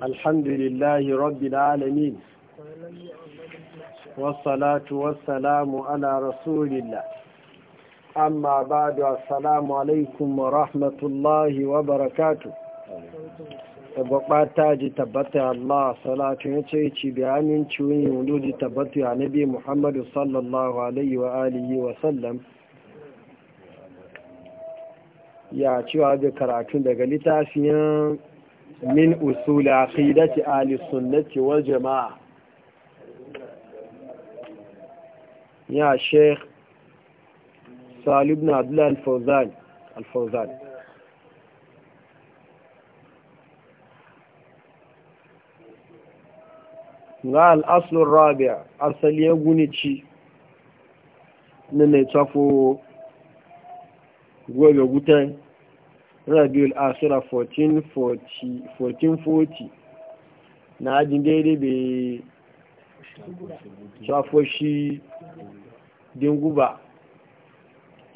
alhamdulillahi rabbil alamin wassalatu wassalamu ala rasulillah amma ba'du assalamu alaikum wa rahmatullahi wa barakatuh ga bata ji tabbata Allah salatu ya ce ci bayanin ciwon yi tabbata ya nabi muhammadu sallallahu alaihi wa wa sallam ya ciwa da karatun daga littafin min usul aqidati ahli sunnati wal jamaa ya sheikh salih ibn abdullah al-fawzan al-fawzan ga al-asl ar-rabi' asali ya gunici ne ne tafo gobe gutan rabiul asura 1440 na ajin daidai bai shafoshi dinguba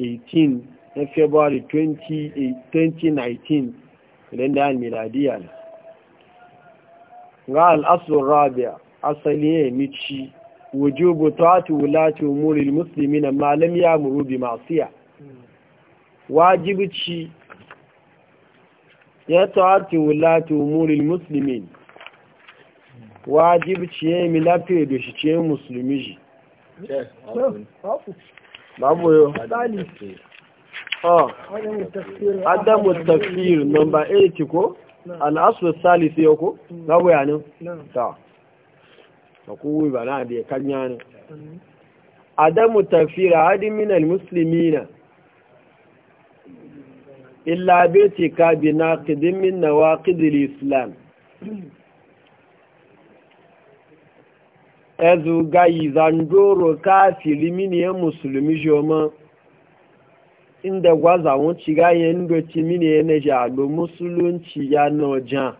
18 na february 2019 idan da miladiya ne ga al'asun rabia asali ne mici wujubu ta wulati umuri musulmi na malam ya muru bi masu ya ci. ya ta'ati wulati umuril muslimin wajib ciye mi lafiya da shi ciye musulmi shi babu yau adamu tafsir number 8 ko al'aswa salisi yau ko babu yanin ta ta ba na da ya adamu tafsir hadin minal muslimina illa bai ce ka bi na ƙidimin na wa ƙidil islam ezu gayi zandoro ka ya musulmi shoma inda gwaza wuci gayen mini ya na jalo musulunci ya noja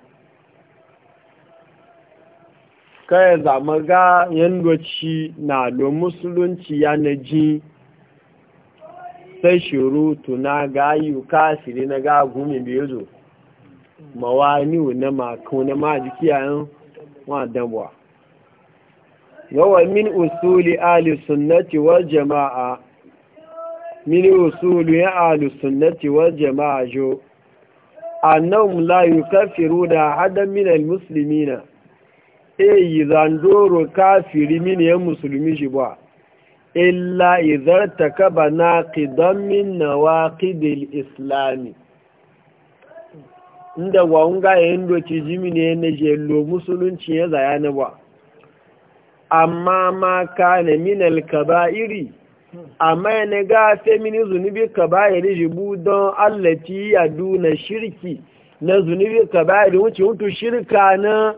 kai zama ga yan doci na lo musulunci ya na ji sai shurutu na gayu kasiri na ga gumi biyu zo mawaniu na jiki na maji kiyayen wadanwa wa min usuli ali sunnati wal jama'a min usuli ya ali sunnati wal jama'a jo annahum la da hadan min al muslimina eh yizandoro kafiri min ya musulmi shi ba illa idar ta kaba na ƙidanmin na waƙidil islami inda ya yin doki jimi ne na jelo musulunci ya zaya na ba amma ma ka na minal iri, amma yana gafe mini zunubi kaba'iri jibu don allaci yadu na shirki na zunubi kaba'iri wuce wutu shirka na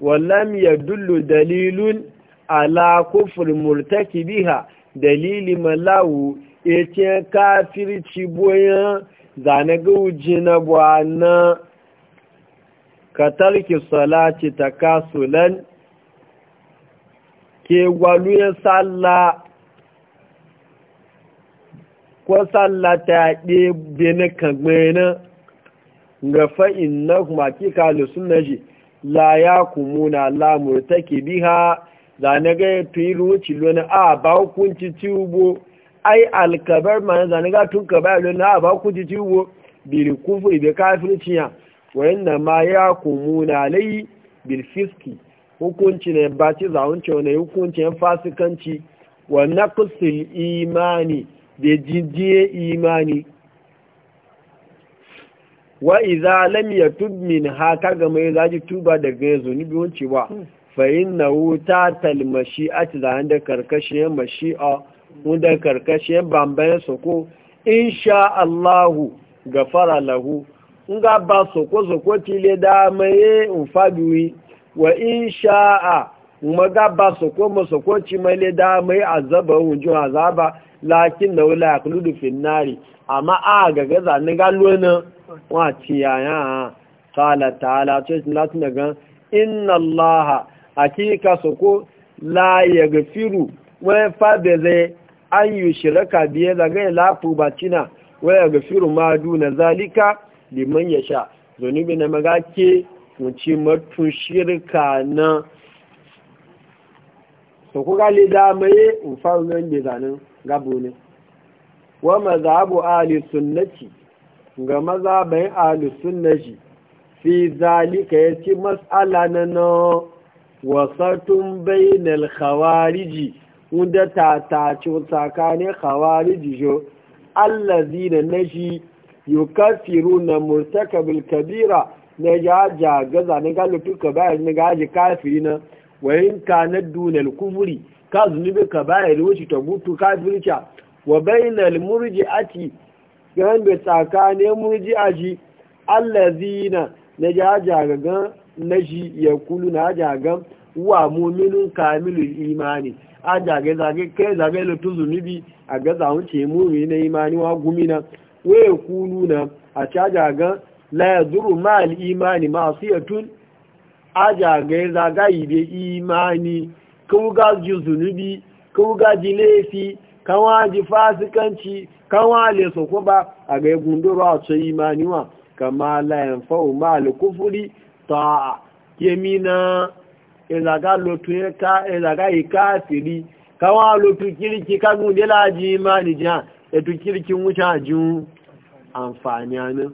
wallam ya dullu dalilun ala kufur murtaki biha dalili malawu ya kafirci boyan zane gauji na buwana katarki salati ta kasulan ke gwaluyen salla ko salla ta ɗebe na kagbena ga fa'in na kuma kika lusun na ji la ya kumuna lamurtaki biha zane ga tuyiru wuce lona a ba hukunci ciwo ai alkabar ma zane ga tun ka bayar lona a ba hukunci ciwo bil kufri da kafirciya wa inna ma ya kumuna lai bil fiski hukunci ne ba ci zawunce wani hukuncin fasikanci wa naqsil imani da jijiye imani wa idza lam yatub min haka kaga mai zaji tuba daga yanzu ni biyon cewa hmm. fa'in na wuta talmashi a ti zane da karkashiyar mashi'a wanda karkashin bambayin soko in sha Allahu gafara lahu in ga ba soko-soko tile da maye in faduwi wa in sha'a ga ba soko masoko le da mai azaba hujjo azaba lakin na wula ya kulu dufin nari amma a gaga zanen galo na wace yaya ta'ala ta'ala to yi latin daga inna allaha hakika soko la ya gafiru wani fada zai an yi shiraka biye zagaye lafu bacina wani ya gafiru ma duna zalika liman ya sha zunubi na magake wuce matun shirka na soko gali damaye ufarunan da zanen gabo ne wa mazhabu ali sunnati ga mazhabin ali sunnati fi zalika yace mas'ala na no wasatun bainal khawariji wanda ta tace tsakanin khawariji jo allazina nashi yukaffiruna murtakabil kabira na jaja gaza na galutu kabair na gaji kafiri na wayin kana dunal kufuri ka zunubi kabair wuce ta gutu kafirca wa bainal murji'ati yan da tsakanin murji'aji allazina na jaja gaga na shi ya kulu na ajagan wa muminin kamilu imani ajage zage kai zage lutu n'ibi a ga zaun ce mumi na imani wa gumina wa ya kulu na a cajagan la ya zuru ma al'imani masu yatun ajage zaga ibe imani kawuga ji zunubi kawuga ji laifi kawa ji fasikanci kawa le soko ba a ga gundura a ce imani wa kama la yanfa'u ma al ta'a yemina ezaga lotu ka ezaga ikafiri kawa lotu kirki kagun de laji ma ni ja etu kirki wuta ju amfani ana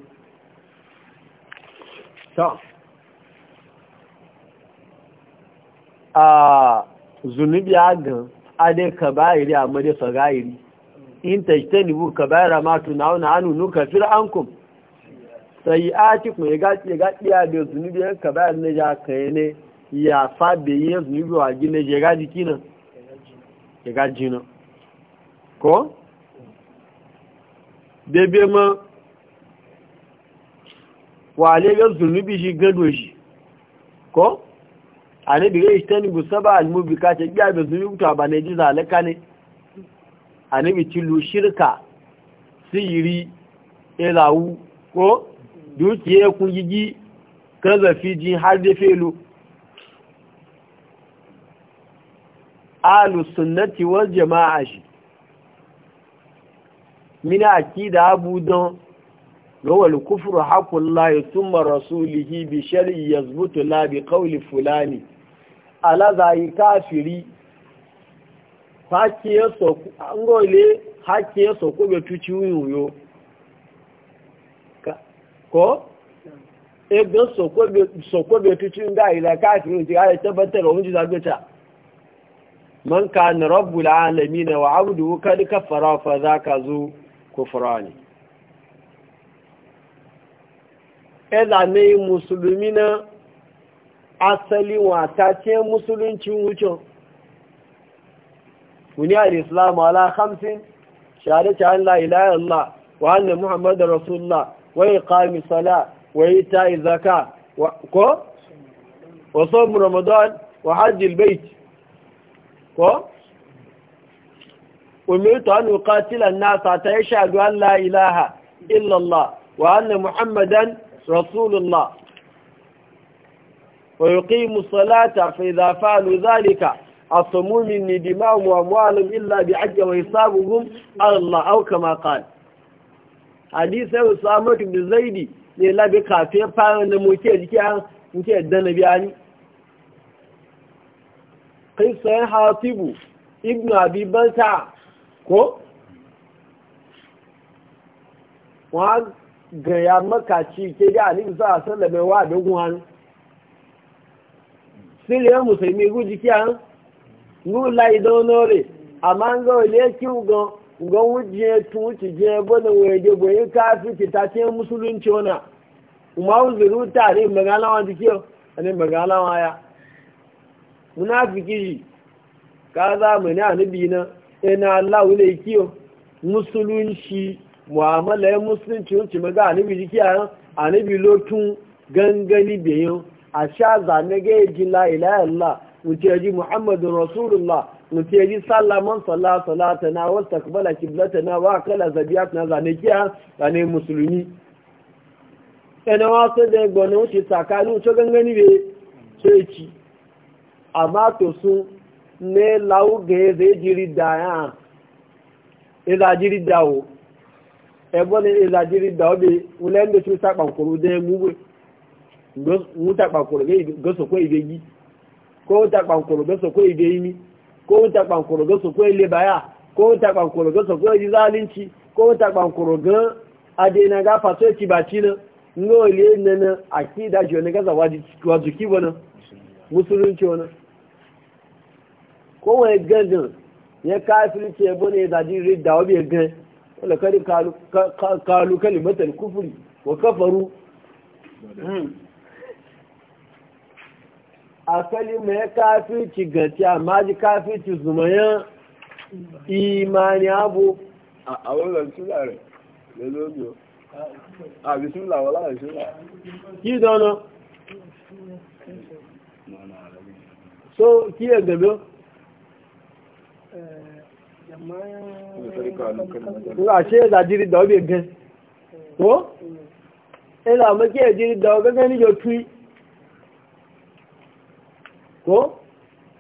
so a zunubi agan ade kabairi amma de sagairi in bu kabaira ma tunauna anu nukafir ankum sai a ci kuma ya gaci ya gaci ya da zunubi ya kaba bayar na ja ka yi ne ya fa da yi zunubi wa gina ya gaji kinan ya gaji nan ko bebe ma wale ga zunubi shi gado shi ko a ne bigai shi ta ni gusaba almubika ta gya da zunubi ta ba ne ji zalaka ne a ne bi cilu shirka sihiri elawu ko dukiye kun yigi kazafi ji har da felu alu sunnati wal jama'a shi mina akida abu don gawal kufru haqullahi thumma rasulihi bi shari'i ya zubutu labi qawli fulani ala kafiri hakiye so ngole hakiye tuci ko egan sokobe tucin ga ila kafin ji ya tabbatar wani zagbata man ka na rabbul alamin wa abdu kad kafara fa zaka zu kufrani ela ne musulmi na asali wa ta ce musuluncin wucin wani al-islam ala 50 shahadatu an la ilaha illallah wa anna muhammadar rasulullah Wai iqami sala wai ta izaka ko ramadan wa hajj albayt ko umirtu an uqatila nasa ta yashhadu an la ilaha illa Allah wa anna muhammadan rasulullah ويقيم الصلاة فإذا فعلوا ذلك الصموم من دماءهم وأموالهم إلا بحج وحسابهم على الله أو كما قال hadisa usama ibn zaidi ne labe kafe fara na muke jiki an muke dana biyani qissa hatibu ibn abi ta ko wa gaya maka makaci ke da ni za a sallame wa da guhan sile musulmi guji kiyan ngula idonore amma ngo ile kiugo ga wuje tuci ci je bana waje boye kafi ki ta ce musulunci wana kuma uzuru tare magana wa dikiyo ne magana wa ya munafiki ka za mu ne annabi na ina Allah wule kiyo musulunci mu'amala ya musulunci wuce maga annabi dikiya annabi lotun gangani biyu a sha zane ga yi jila ilaha illallah wuce ji muhammadu rasulullah mutu ya yi sallah man sallah salata na wasu takbala kiblata na wa kala zabiyat na zane kiya zane musulmi ɗana wasu da gbanin wuce tsakanin wuce gangani bai sai ci amma to sun ne lau ga ya zai jiri da ya ila jiri dawo ebo ne ila jiri dawo bai wulen da su ta kpankuru da ya gugwe wuta kpankuru ga su ko ibe yi ko wuta kpankuru ga su ibe yi ko ta bankoro ga su ko ile baya ko ta bankoro ga su ko ji zalunci ko ta bankoro ga na ga fato ci ba ci nan ngo ile nan akida jo ne ga zawaji wazuki bona musulunci wona ko wai gangan ya kafirce bane da ji ridda wabe gan wala kadi kalu kalu kalimatul kufri wa kafaru hmm. asali mai kafirci gaci amma ji imani abu a wannan suna rai da zobiyo a wala da ki dono so ki ya gabe jiri da obi gan ko? maki jiri da obi gan ni yo ko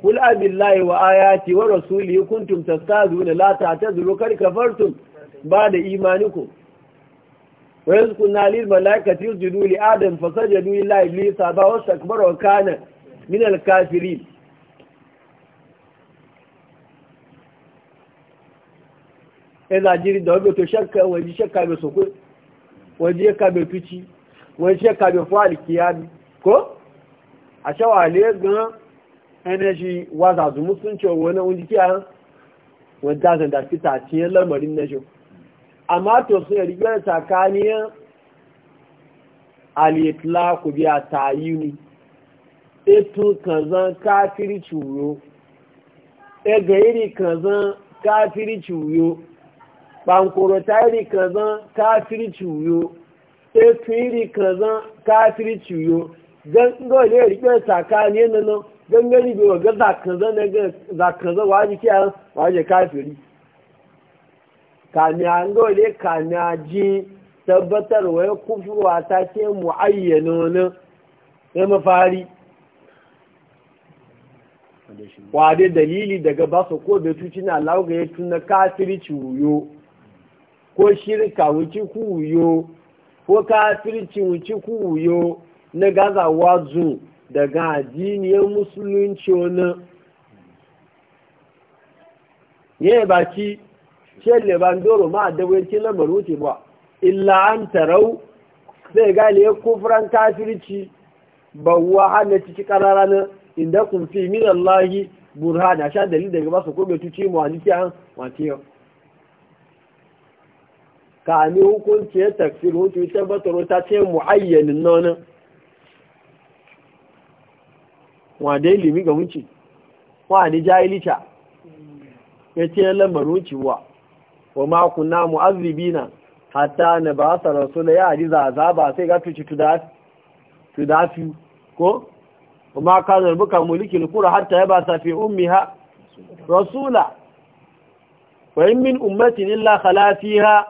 kul abillahi wa ayati wa rasuli kuntum tastazuna la ta'tazuru kar kafartum ba'da imanikum wa yazkunna lil malaikati yusjudu li adam fasajadu illa iblis aba wastakbara wa kana min al kafirin ila jiri da wabe to shakka waje shakka be sokwe waje ka be tuci waje shakka be fuwa alkiyami ko a le, gan energy waza sun musulunci wani wani kiya wani dazan da fi taciyar lamarin na jo amma to sun yi rigiyar tsakaniyar alitla ku biya ta yi ni etu kazan kafiri ciwo ega iri kazan kafiri ciwo bankoro ta iri kazan kafiri ciwo etu iri kazan kafiri ciwo gan dole rigiyar tsakaniyar nan gangani bai waga zakaza na ga zakaza wa ji wa ji kafiri kamiya ngole kamiya ji tabbatar wa ya kufurwa ta ce wani ya mafari wade dalili daga ba su ko da tuci na lauga ya tuna kafirci wuyo ko shirka wuci ku wuyo ko kafirci wuci ku wuyo na gazawa zuwa daga addiniyar musulunci wani yi baki shelle ban doro ma adawancin lamar wuce ba illa an tarau zai gane ya kufuran kafirci ba wa hana ciki karara na inda kun fi min Allahi burhana sha dalil daga ba su kome tuce mu wani kiyan wace yau ka ne hukunci ya tafsir hukunci batoro ta ce mu ayyanin nonin Wa da ilimi ga wuce. wa ni jahilica ya ce lamarin ciwa wa makuna na. hatta na ba sa rasula ya ji ba sai ga tuci tudafi ko kuma ka zarbuka mulkin lukura hatta ya ba sa fi ummi ha? rasula wa yi min ummatin illa khala fiha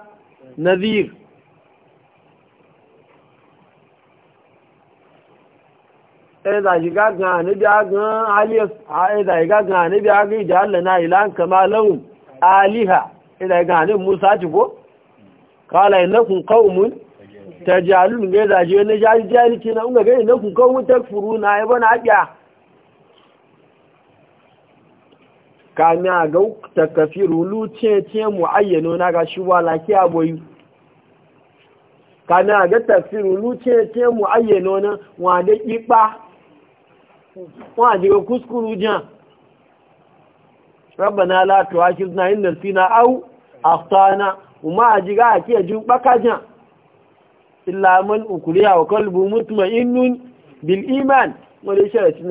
ɗaya shiga ga anabi agan aliyas ɗaya shiga ga anabi agan ijalla na ilan kama lahun aliha ɗaya ga anabi musa ci ko kala inakun qaumun tajalun ga da je ne jaji jali ki na unga ga inakun qaumun na ai bana abiya kana ga takfiru lu ce ce muayyano na ga shi wala ki aboyi kana ga takfiru lu ce mu muayyano na wa da kiba wọ́n àjíwẹ̀ kúskúrú jẹ́ rọ́bàná látọ̀wá kí ní àyín lẹ́sí na áwú àtọ́ná umar àjíwá àti pàkà pákájá ìlàmọ́n òkúrí àwọ̀kọ́lù mútùmọ̀ inú bil iman wọ́n lè ṣẹ̀rẹ̀ sí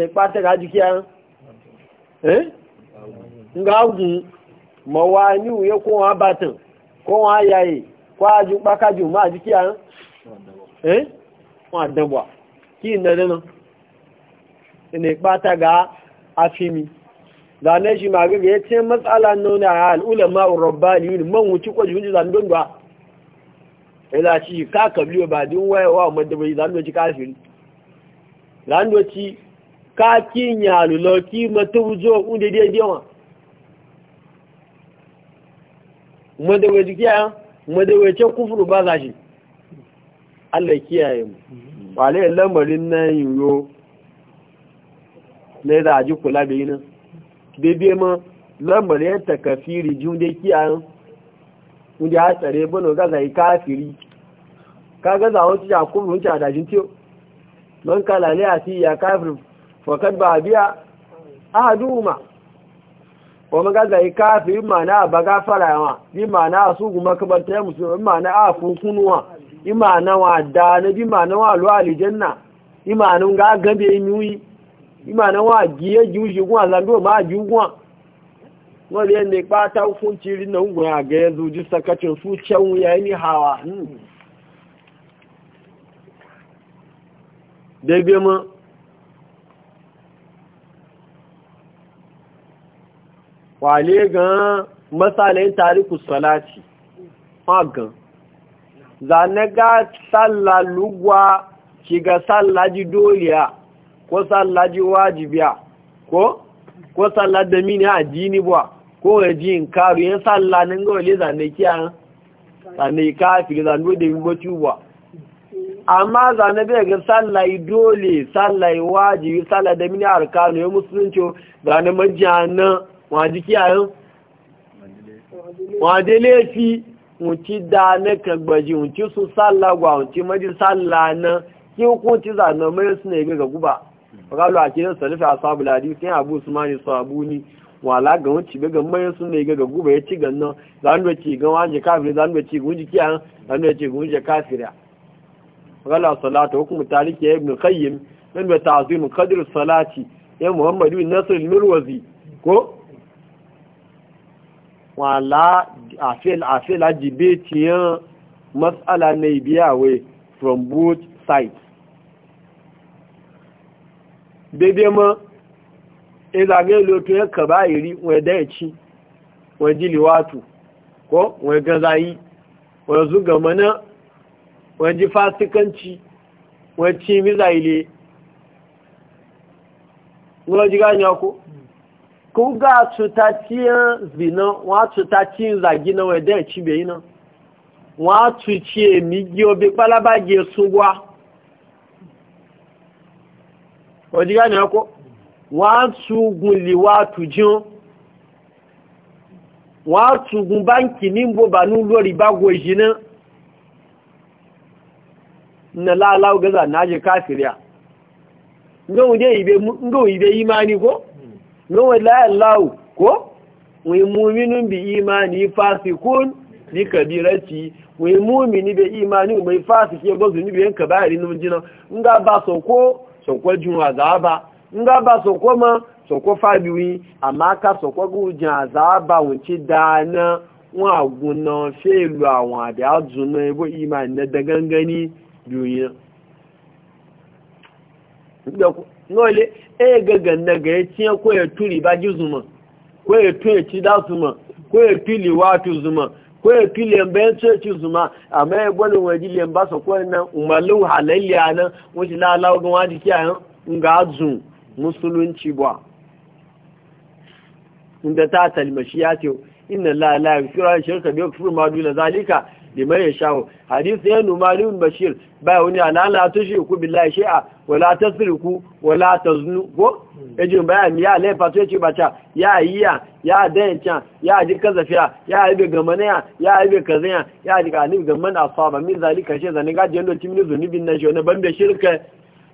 wọ́n àdẹ́bọ̀ kí náà ne ɓata ga afimi zane shi ma gaga ya ce matsala nuna ya al'ula ma'un rabbani yuni man wuce kwaji hunji zandon ba ila e shi ka kabliyo ba din waya wa madabai zandon ci kafiri zandon ci ka kinya alulo ki matubuzo unde dia dia wa madabai jikiya madabai ce kufuru ba za shi Allah kiyaye mu mm-hmm. wale lamarin nan yiwo na za a ji kula bai nan daidai ma lambar yadda kafiri ji wunde kiyayen wunde ya tsare bano gaza yi kafiri ka gaza wasu ja kuma wunce a dajin tiyo man kala ne a ti ya kafir fakat ba biya a duma wa magaza yi kafiri mana ba gafara yawa bi mana su kuma yi ya musulmi mana a kunkunuwa imana wa da na bi mana wa alwa alijanna imanun ga gabe yi ìmàna wọn àjíyé jù ṣùgbọ́n àzàndó máa jù wọ́n wọ́n lè ní pátá fún ti rí náà gbọ́n àgẹ́ ẹzọ́jú sakacin fún ṣẹ́hun ya ní hawa hmm. daidai mọ́ wàlé gan masalayin tariku salati wọ́n gan zanaga sallalugwa shiga sallaji doliya ko sallah ji wajibiya ko ko sallah da mini addini ba ko ya ji in karu yin sallah nan ga wale zane kiya zane kafir zane da yin goci ba amma zane bai ga sallah dole sallah wajibi sallah da mini arkanu ya musulunci zane majiyana waji kiya yan wade laifi ci da na kagbaji ci su sallah gwa ci maji sallah na kin kunci zane mai suna yi ga guba fakalu a kidan salifa a sabu ladi sai abu usmani sabuni wala ga wani cibe ga mai sun ne ga ga guba ya ci ganno zan da ci ga wanje kafiri zan da ci gunji kiyan zan da ci gunji kafira fakalu salatu hukum tariki ibn qayyim min bi ta'zim qadr salati ya muhammadu bin nasr al-mirwazi ko wala afil afil tiyan mas'ala ne biya we from both sides daidai ma izage lotu ya kaba iri wai da ya ci wai ji liwatu ko wai gazayi wai zuga mana wai ji fasikanci wai ci mizaile wai ji gani ko ko ga tutaciyan zina wa tutaciyan zagi na wai da ya ci bai yi nan wa tuci emi gi obi palaba gi esun wa ọdí gani ọkọ́ wọ́n túgun lèwà àtùján wọ́n túgun báńkì ní gbogbo ní lórí bágo ìṣiná na láàláwò gaza náà jẹ káfìríà ngọ́wọ́ ìbẹ̀ imani kó ngọ́wọ́ láàláwò kó wọ́n múmínú bí imani fásikún ní kàbírẹ́tì wọ́n imani wọ́n fásikẹ́ gbọ́sùn níbi yẹn kàbáyàrí nínú sọ̀kọ́ jù àzáàbà ń gábà sọ̀kọ́ mọ́ sọ̀kọ́ fàbíwí àmáka sọ̀kọ́ gúnjẹ àzáàbà wọn ti dáná wọn àgùn náà ṣe ìlú àwọn àdé àjùn náà ibò ìmà ìnẹ́dẹ́ gángan ní dùnyìn nọ́ọ̀lẹ́ ẹ̀ gẹ̀gẹ̀ nẹ̀gẹ̀ tí kò ètò ìbájú zùmọ̀ kò ètò ètì dá zùmọ̀ kò ètò ìlú wàtú zùmọ̀ kwaya fi lemba ya ce ci zuma a maya gwanin waje lemba su kwaya nan umarlin halayya nan wajen lalawa wajen kiyayen ngazun musulunci ba inda ta talmashi ya ce inna la fi shirka biyu kufur ma duna zalika liman shawo hadisi ya numari bin bashir bai wani ana shi ku billahi a wala sirku wala zunu ko yaji bayan ya lai fato yace bata ya yiya ya dayancan ya ji kazafiya ya yi gamana ya yi kazanya ya ji galib gaman asaba min zalika shay zanin gaji yando timin bin na shone banda shirka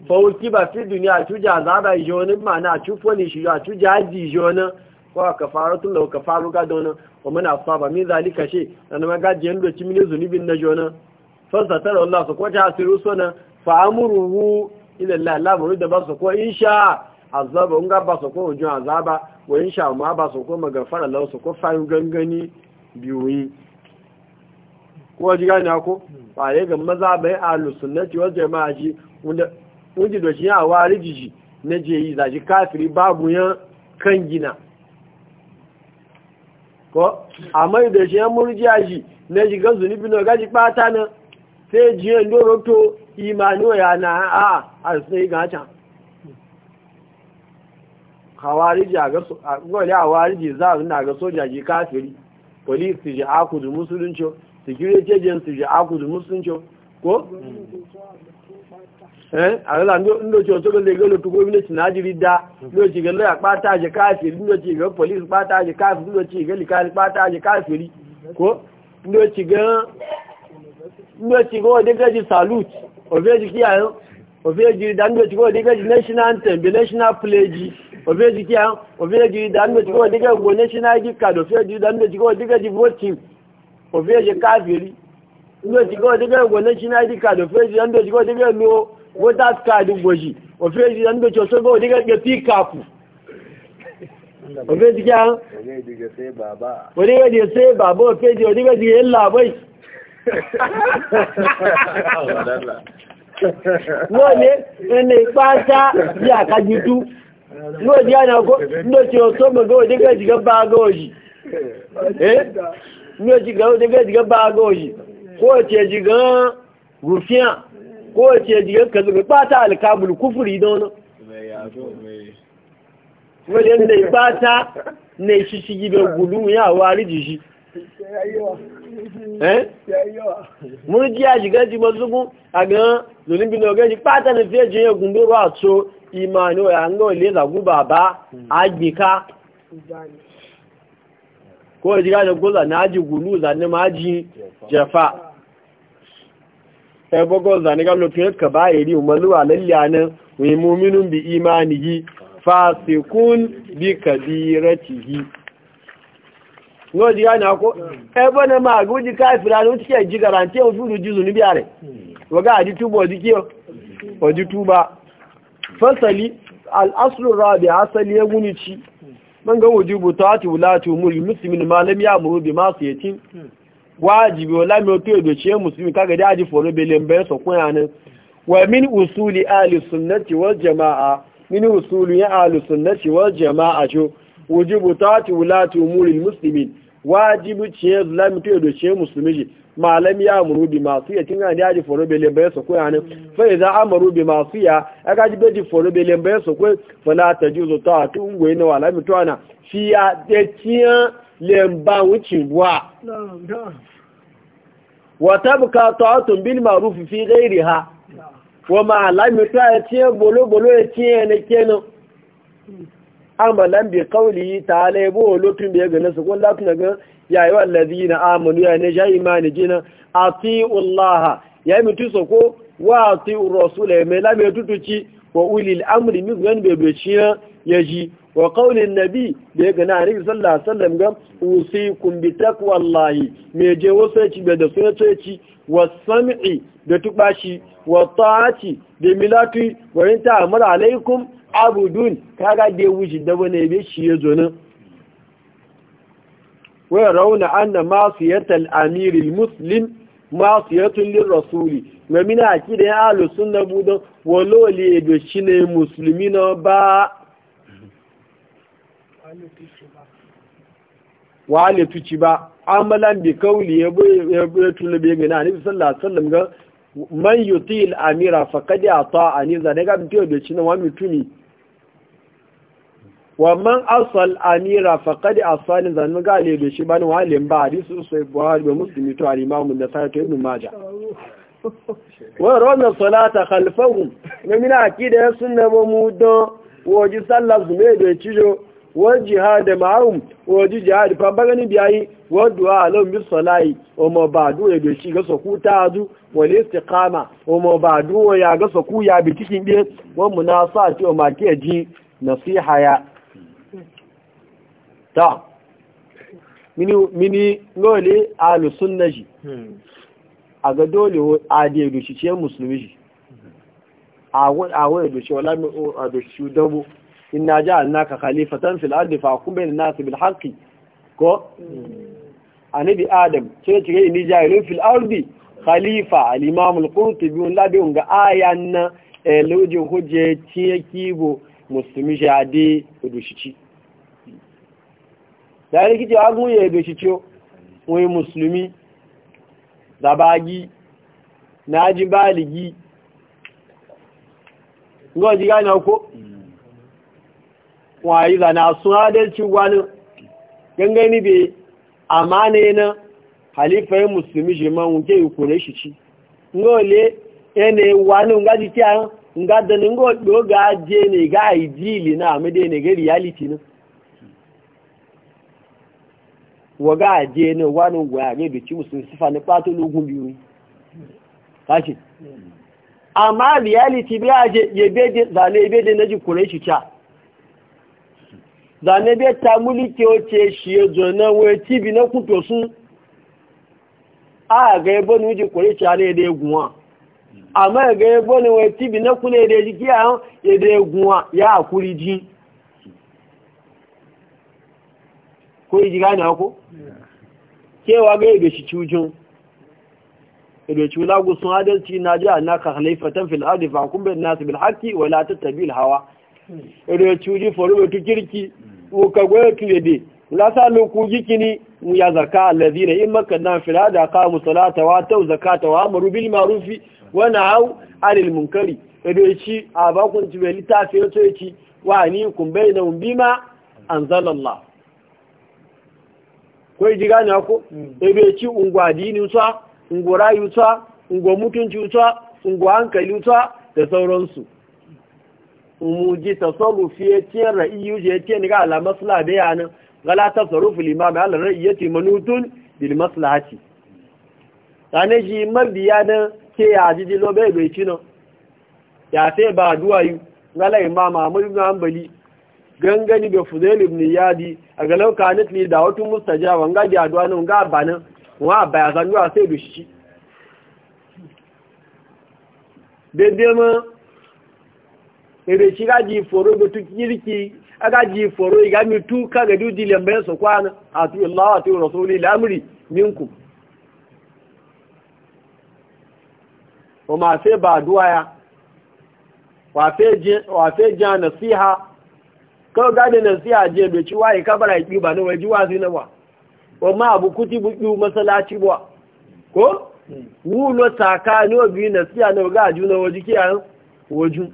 fa wuki ba fi duniya tuja zaba jona mana tufoni shi ya tuja ji jona wa kafaratun lahu kafaru ga dona wa man asaba min zalika shay dan ma ga jiyan do cimin zunubin na jona fa tara Allah su kwata asiru sona fa amruhu ila Allah la murida ba su ko insha azaba un ga ba su ko jun azaba wa insha ma ba su ko magafara lahu su ko fayu gangani biyoyi ko ji gani ko ba ne ga maza bai ahlus sunnati wal jama'a ji wanda wanda do shi a warijiji na je yi zaji kafiri babu yan kan gina ko amma da shi an murjiya shi na shiga zunubi na gaji bata na sai jiyan doro to imaniyo ya na a a sai ga can hawariji a ga gwale hawariji za a na ga soja ji kafiri police su ji akudu musulunci security agent su ji akudu musulunci ko àrẹ́là ńlọ́tí ọ̀tọ́gbọ́n lè gẹ́lò tó gómìnà tí náà jírí dá lọ́tí ìgẹ́ lọ́yà pátá àjẹ káàfìrí lọ́tí ìgẹ́ pọ̀lìsì pátá àjẹ káàfìrí lọ́tí ìgẹ́ lìkáàrí pátá àjẹ káàfìrí kó lọ́tí ìgẹ́ ọdẹ́gẹ́jì salute ọ̀fẹ́jì kí àyán ọ̀fẹ́jì rí dá lọ́tí national anthem be national pledge ọ̀fẹ́jì kí àyán ọ̀fẹ́jì rí dá lọ́tí ìgẹ́ national id card ọ̀fẹ́jì rí dá lọ́tí ìgẹ́ ọdẹ́gẹ́jì voting ọ̀fẹ́jì káàfìrí lọ́tí ìgẹ́ ọdẹ́gẹ́jì gbọ́ national id card ọ̀fẹ́jì rí dá lọ́tí ìgẹ́ ọdẹ́gẹ́jì lo wata suka duk goji ofe ji dan da coso ba wani ga fi kafu ofe ji kyan wani ga da sai baba ofe ne wani ga ji yin labai wọ́n ẹni pátá bí àkájútú lóò jẹ́ ànàkó lóòtí ọ̀tọ́ mọ̀gọ́ òdígẹ́jìgẹ́ bá agọ́ọ̀yì lóòtí ọ̀dígẹ́jìgẹ́ bá agọ́ọ̀yì kó ceji ẹ̀jìgẹ́ rùfíàn kowace jigar ka zuga bata alkabul kufuri da wani wajen da ya bata na shi shigi bai gudu ya wari jishi murjiya shigar ji eh? mazugun a gan zolibin da ogeji bata na fiye jiye gundoro a so imani wa yanga wale zagu baba agbika kowace jigar da kula na aji gulu zanen maji jefa sai bago zane ga lokacin ka ba yari umaru a lallanin wai muminun bi imanihi fasikun bi kabiratihi no di yana ko e bona ma guji kafira no tike ji garantie hmm. hmm. o furu ji zuni biare waga adi tubo dike o fasali al aslu rabi asali ya guni ci hmm. man ga wujubu ta'ati wulatu ma wajibi wala mai otu edochie musulmi kaga da aji foro bele mbe so kunanin wa min usuli ahli sunnati wal jamaa min usuli ya ahli sunnati wal jamaa jo wujubu taati wulati umuri muslimin wajibi ce wala mai otu edochie musulmi ji malam ya amuru bi masu ya kin gani aji foro bele mbe so kunanin fa idza amaru bi masu ya aga ji beji foro bele mbe so kun fala tajuzu taati ungwe ne wala mitwana fiya de tiyan lemba wuce buwa wata bukata atun bil marufi fi gairi ha wa ma'alami ta ya ce bolo-bolo ya ce yana kenan amalan bi kauli ta laibu lokacin da ya gane su kun lafi daga yayi wallazi na amanu ya ne shayi mani jina a ti'ullaha ya yi mutu so ko wa ti'ur rasula ya mai lamai tutuci wa ulil amri mi gani bebe ciyan ya ji wa qaulin nabi da ya gana annabi sallah alaihi ga usikum bi Wallahi, mai je wasu ya ci da sunan ci wa sam'i da tubashi wa ta'aci da milatu wa ta amur alaikum abudun kaga da wuji da wani be shi ya zo nan wa rauna anna yata amiril muslim rasuli lirrasuli mina a kira ya alusun na budan walole ne shine na ba wa ne tuci ba amalan bi kauli ya bai tuna bai gina ne sallallahu alaihi wasallam ga man yuti al amira kad ata ani za ga biyo da cin wa mutumi wa man asal amira kad asal za ne ga le da shi ba wa le ba hadisi sai buhari da muslimi to al imam da sai to ibn majah wa rawna salata khalfahum ne mina akida sunna mu don woji sallah zume da cijo wal jihad ma'ahum wa ji jihad fa bagani biyayi wa du'a lahum bis salai ya be ta azu ya ga soku ya bi cikin de wa munasati wa ma ke ji nasiha ya ta mini mini ngole ahlus sunnaji a ga dole a da ya ce musulmi a wani wala a dushi dabo inna ja'alnaka khalifatan fil ardi bayna an nasi bil haqqi ko anabi adam cire cire inni ja'ilun fil ardi khalifa al imam al qurtubi wala bi unga ayan na elojin hujje ci kibo muslimi jadi udushici da yake ji agun ya be shicho wai muslimi dabagi naji baligi ngoji gane ko wayi zana sun adalci wani gangani bai amane na halifayin musulmi jiman wuke yukure shi ci ngole ene wani nga jiki nga dani ngo doga je ne ga na amade ne ga reality na waga je ne wani gwaya ne ci musulmi sifa na kwato biyu kashi hmm. amma reality bi aje de de shi zane bai ta mulki wace shi ya zo na wai tibi na kuto sun a ga ya bani wuce kuri ci ala da ya guwa amma ya ga ya bani wai tibi na kuna da jiki a ya da ya guwa ya a kuri ji ko yi ji gane ako kewa ga ya da shi cujin idoci lagu sun adalci na ji a naka halifatan fil'adu fa kun bai nasu bilhaki wala tattabi hawa rocuji forumetu kirki ukagoyotu yade lasa lokuji kini ya zarka allazina in makanna fil hada qamu salata wa tau zakata wa amru bil ma'rufi wa nahaw anil munkari roci abakun tibeli tafi roci wa ni kun bainahum bima anzalallah ko ji mm. gane ko roci ungwadini usa ungorayu usa ungo mutunci usa ungo hankali usa da sauransu muji tasarrufi ya ce ra'iyu ya ce ni ga ala maslaha da yana gala tasarrufu limami ala ce manutun bil maslahati tane ji mabiya na ke ya jiji lo bai bai cino ya sai ba duwa yi gala imam Ahmad na Ambali, gangani da Fudail ibn Yadi a galau kanat li da wata mustajaba ga da duwa nan ga bana wa ba ya zanduwa sai dushi daidai ebe ga gaji foro da tu kiriki aga gaji foro ga mi tu ka ga duji mbe so kwa na ati Allah ati rasuli la amri minku o ma se ba ya wa sai ja nasiha kawai gadi nasiha je bai ci waye bara ya ba na wa si na ba o ma bu kuti buƙi masalaci ba ko hmm. wulo ni obi nasiha na ga juna waje kiyayen wajen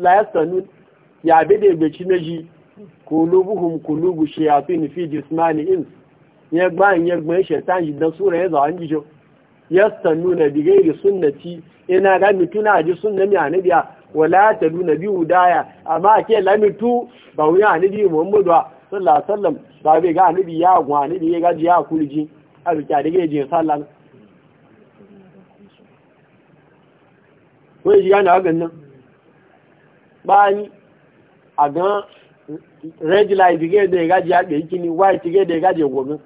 la yastanu ya bide beci na ji kulubuhum kulubu shayatin fi jismani ins ya gba ya gban shaitan ji dan sura ya zawan jijo yastanu na bigairi sunnati ina ga mutuna ji sunna mi anabiya wala tadu nabi hudaya amma ke lamitu ba wuya anabi muhammadu sallallahu alaihi wasallam ba bai ga anabi ya gwa anabi ya gaji ya kulji a biya daga je sallan ko ji yana ga nan bani a gan red light ga da ya gaji ya ɗaya kini white ga da ya gaji ya gobe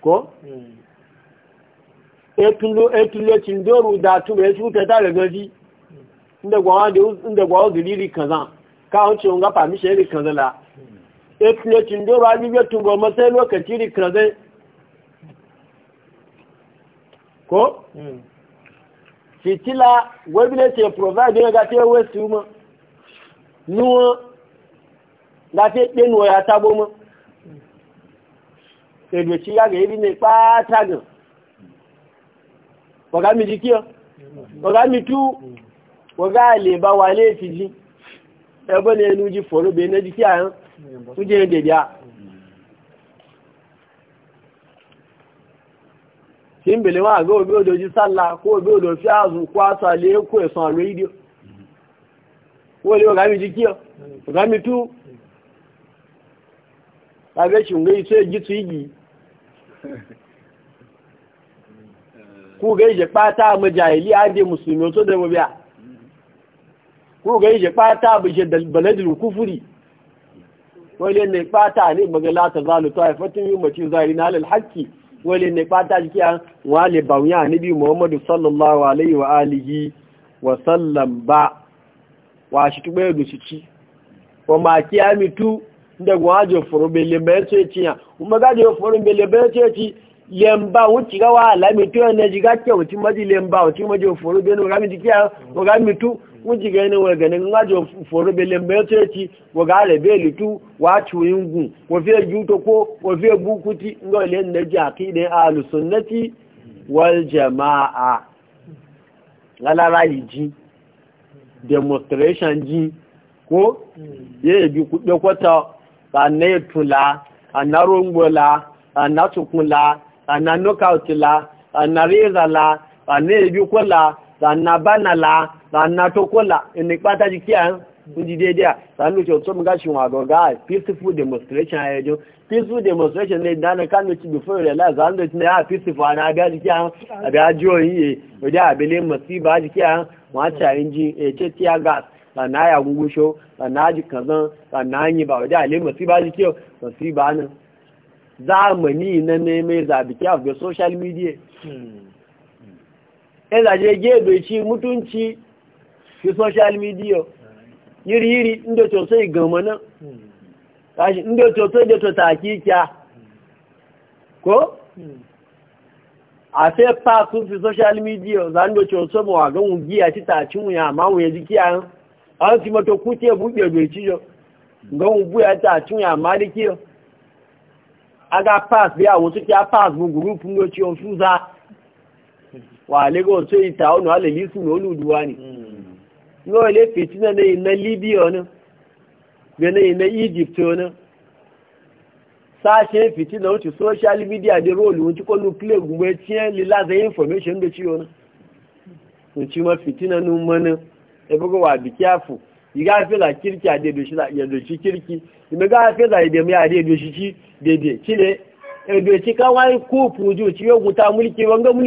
ko? etulocin doru da tuba ya shuka ta da gaji inda gwawa ziriri kaza kawon ce wunga fami shi iri kaza la etulocin doru a bibiyar tuba masai lokaci iri kaza ko? fitila gwabinace provide ta ma nuwa láti pé nu ọ̀yà tábó mọ́ èdè tí yàgẹ̀ ibi ní ne ọ̀gá mi di kí ọ ọ̀gá mi tú ọ̀gá lè bá wà lé ti jí ẹgbọ́n e ne nu ji foro bẹ̀rẹ̀ ní ẹjí kí àyán tó jẹ́ dèdè à tí ń bèlè wọn àgbẹ̀ òbí òdò jí sálà kó òbí òdò fi ààzùn kó àtàlẹ́ kó ẹ̀sán àlọ́ wọ́n wa ọ̀gá jikiya jí kí ọ ọ̀gá mi tú sai ji su yi ìgì kú gẹ́ fata pátá àmọ́jà ilé adé musulmi tó dẹ̀ wọ́n bí i kú gẹ́ ìjẹ́ pátá àbújẹ́ bẹ̀lẹ́dìlù kúfúrì wọ́n lé yi sallallahu alaihi wa ba wa shi tuɓe da shi ci wa ma kiya mitu da gwajo furu bele bai ce ci ya kuma gajo furu bele bai ce ci lemba wa la mitu ne ji ga ke wuci maji lemba wuci maji furu bele ga mitu wa ga mitu wuci ga ne wa ga ne gajo furu bele bai ce ci wa ga le bele tu wa chuyin gun wa fe juto ko wa fe bukuti ngo le ne ji akide ahlus sunnati wal jamaa lalara demonstration ji ko ya bi kuɗe kwata a na ya tula a na rungola a na tukula a na knockout a na reza la a na bi kula a na banala a na tokola ina ipata jikiya kun ji daidai a sanu ce wato muga shi wago ga peaceful demonstration a jo peaceful demonstration ne ah, eh, dana eh, kan ci before la la zan da ya peaceful ana ga jiki an ga yi ye wajen abele masiba jiki an wata inji e ce tiya gas na ya a na ji kazan na yi ba wajen ale masiba jiki masiba mu ni na neme zabiki a ga social media ɗan zaje do ci mutunci fi social media hmm. yiri-yiri inda cosai gama nan kashi inda cosai da to takikiya ko a sai pa sun fi social media za inda cosai mawa ga giya ci tacin wuya ma wuya ji a an fi mato kuke buɗe yo ci yau ya buya ma aga pass bí àwọn tó kí a gurupu ndị gúrúùpù ní ngo le fitina ne na libya ne ne na egypt ne sashe fitina wuce social media dị role wuce ko nuclear gumbe lila da information da ciwo fitina e wa bi kirki ade do shi ya do shi kirki ime ga ade do shi shi e do wa ku ci yo hmm.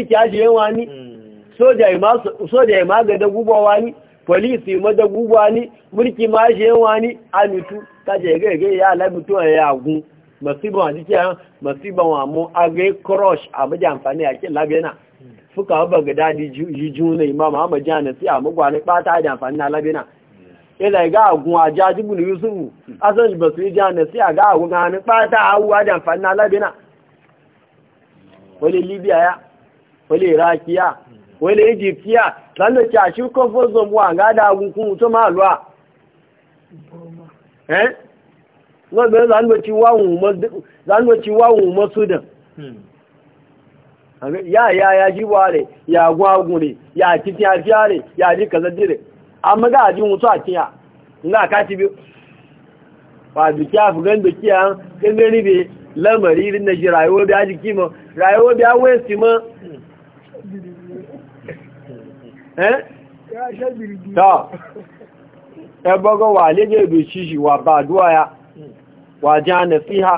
soja ma soja ma ga da gubawa ni polisi madagugwa ni mulki ma shi yawa ni a mutu ta ya ala mutu a ya gun masiban a cikin masiban wa mu a ga crush a amfani a labena fuka haba ga dadi yi juna imam ahmad jana sai a magwani da amfani na labena ila ga agun a jajibu na yusufu ga amfani na labena libya ya wani egyptiya lánàá tí àṣírkọ́ fọ́sọ̀ mú àgádà agunkun tó máa lọ́à wọ́n bẹ̀rẹ̀ lánàá tí wáhùn mọ́ sudan hmm. ya ya ya jíwa rẹ̀ ya gwagun rẹ̀ ya titi afiya rẹ̀ ya ji kazadi rẹ̀ amma ga ajin wutu a kiya nga ka ti bi wa duki afugan duki a kan gani bai lamari na ji rayuwa biya ki ma rayuwa biya wesi ma ta ẹgbọ́gọ́ wà lẹ́gbẹ̀ ìbò ìṣíṣì wà bá àdúwàyá wà jẹ́ ànà sí ha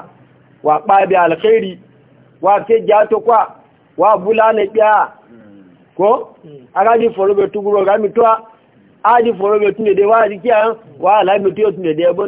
wà pàbí alkhairi wà kéjì àtọ́kwà wà búlá nà pẹ́ à kó agájí fọ́rọ̀bẹ̀ túgbùrọ̀ rámi tó ájí fọ́rọ̀bẹ̀ tún dẹ̀dẹ̀ wà àdíkí àán wà aláìmì tí ó tún dẹ̀dẹ̀ ẹbọ́n